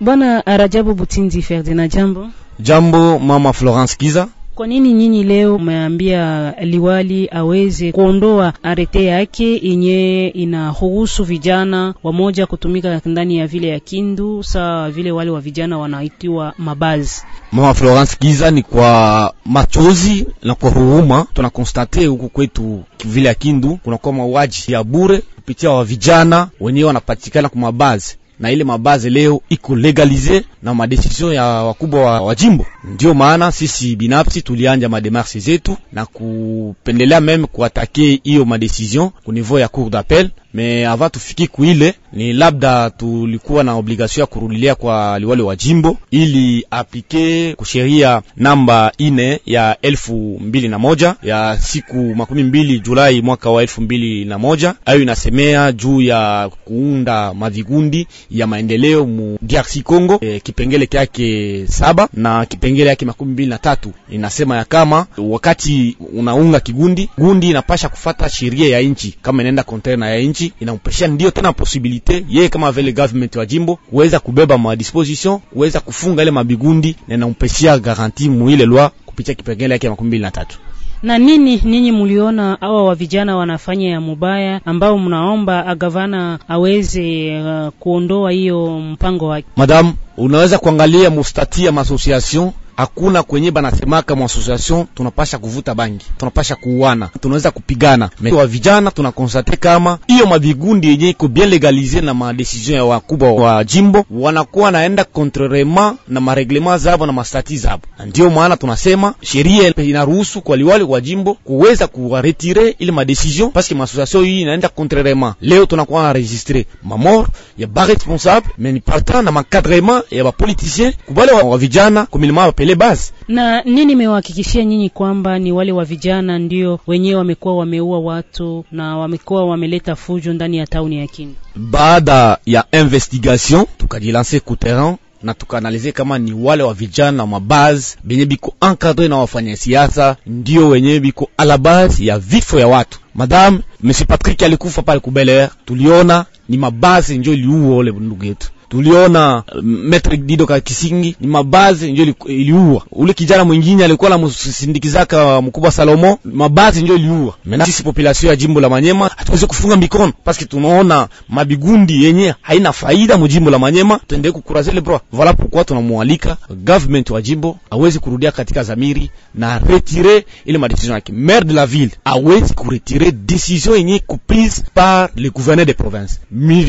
Bwana Rajabu Butinzi Ferdinand, jambo. Jambo mama Florence Kiza. Kwa nini nyinyi leo umeambia liwali aweze kuondoa arete yake yenye inaruhusu vijana wamoja kutumika ndani ya vile ya Kindu, saa vile wale wa vijana wanaitiwa mabazi? Mama Florence kiza ni kwa machozi na kwa huruma tunakonstate huku kwetu vile ya Kindu kunakuwa mauaji ya bure kupitia wa vijana wenyewe wanapatikana kwa mabazi na ile mabaze leo iko legalize na madesizio ya wakubwa wa, wa jimbo. Ndio maana sisi binafsi tulianja mademarshe zetu na kupendelea meme kuatake hiyo madesizio ku niveau ya cour d'appel me ava tufiki kuile, ni labda tulikuwa na obligation ya kurudilia kwa liwali wa jimbo ili aplike kusheria namba ine ya elfu mbili na moja ya siku makumi mbili Julai mwaka wa elfu mbili na moja ayo inasemea juu ya kuunda mavigundi ya maendeleo mu DRC Congo. E, kipengele kyake saba na kipengele yake makumi mbili na tatu inasema ya kama wakati unaunga kigundi gundi inapasha kufata sheria ya nchi kama inaenda kontena ya nchi nchi inampesha ndio tena posibilite yeye kama vile government wa jimbo kuweza kubeba ma disposition kuweza kufunga ile mabigundi na inampeshia garanti muile lwa kupitia kipengele yake ya makumi mbili na tatu na nini ninyi mliona awa wa vijana wanafanya ya mubaya ambao mnaomba agavana aweze uh, kuondoa hiyo mpango wake? Madam, unaweza kuangalia mustati ya maasosiation hakuna kwenye banasemaka mwa association tunapasha kuvuta bangi, tunapasha kuuana, tunaweza kupigana wa vijana. Tunakonstate kama hiyo mavigundi yenye iko bien legalize na madecision ya wakubwa wa jimbo wanakuwa naenda kontrerema na mareglema zabo na mastati zabo. ndiyo maana tunasema sheria inaruhusu kwa liwali wa jimbo kuweza kuwaretire ile madecision parce que association hii inaenda kontrerema. Leo tunakuwa na registre mamor ya ba responsable meni ni partant na makadrema ya ba politicien kubale wa vijana kumilima waendelee basi. Na nini mewahakikishia nyinyi kwamba ni wale wa vijana ndio wenyewe wamekuwa wameua watu na wamekuwa wameleta fujo ndani ya tauni ya Kindu? Baada ya investigation tukajilanse kuteran na tukaanalize kama ni wale wa vijana mabazi benye biko encadre na wafanya siasa ndio wenye biko base ya vifo ya watu. Madame Monsieur Patrick alikufa pale Kubeleer, tuliona ni mabazi njo iliua ole ndugu yetu tuliona uh, Metre Dido ka Kisingi ni mabazi ndio iliua ule kijana mwingine, alikuwa na msindikizaka uh, mkubwa Salomo, mabazi ndio iliua mena. Sisi population ya jimbo la Manyema hatuwezi kufunga mikono parce que tunaona mabigundi yenye haina faida mu jimbo la Manyema, tuendelee kukuraze le bro. Voilà pourquoi tunamwalika government wa jimbo awezi kurudia katika zamiri na retire ile madecision yake. Maire de la ville awezi retire decision yenye kuprise par le gouverneur de province,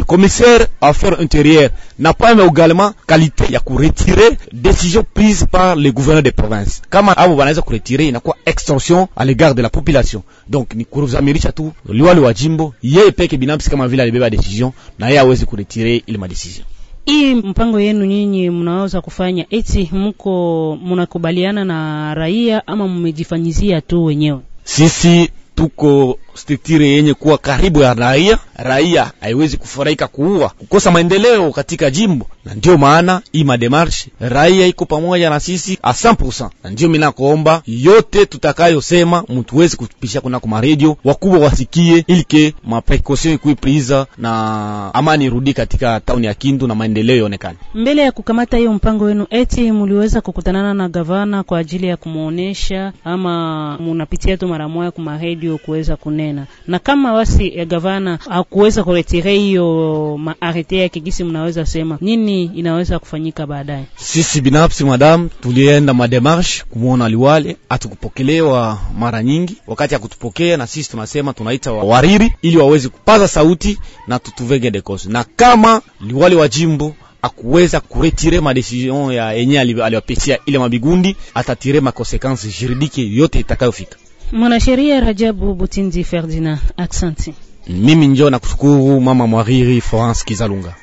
commissaire affaires intérieures na pas également qualité ya kuretire décision prise par les gouverneurs de province. Kama abo wanaweza kuretire, inakuwa extorsion à l'égard de la population. Donc ni kuzamirisha tu liwali wa jimbo yeye peke binafsi, kama vile alibeba decision na yeye awezi kuretire ile madecision hii mpango yenu nyinyi mnaweza kufanya eti mko mnakubaliana na raia ama mmejifanyizia tu wenyewe? Sisi tuko stitiri yenye kuwa karibu ya raia. Raia haiwezi kufurahika kuua kukosa maendeleo katika jimbo, na ndio maana hii mademarshi raia iko pamoja na sisi a 100%, na ndio minakoomba yote tutakayosema mutuwezi kupisha kuna kwa radio wakubwa wasikie, ilike maprekosio ikuwe priza na amani irudi katika tauni ya Kindu na maendeleo yaonekane. Mbele ya kukamata hiyo mpango wenu, eti muliweza kukutanana na gavana kwa ajili ya kumuonesha ama munapitia tu mara moja kwa radio kuweza kune tena, na kama wasi ya gavana akuweza kuretire hiyo maarete yake, gisi mnaweza sema nini inaweza kufanyika baadaye? Sisi binafsi, madam, tulienda mademarshe kumwona liwale, hatukupokelewa mara nyingi. Wakati ya kutupokea na sisi tunasema tunaita wariri ili waweze kupaza sauti na tutuvege dekoso, na kama liwale wa jimbo akuweza kuretire ma decision ya enye aliwapetia ile mabigundi, atatire makonsekansi juridike yote itakayofika. Mwanasheria Rajabu Butindi Ferdinand, aksanti. Mimi njo kushukuru mama mwariri Florence Kizalunga.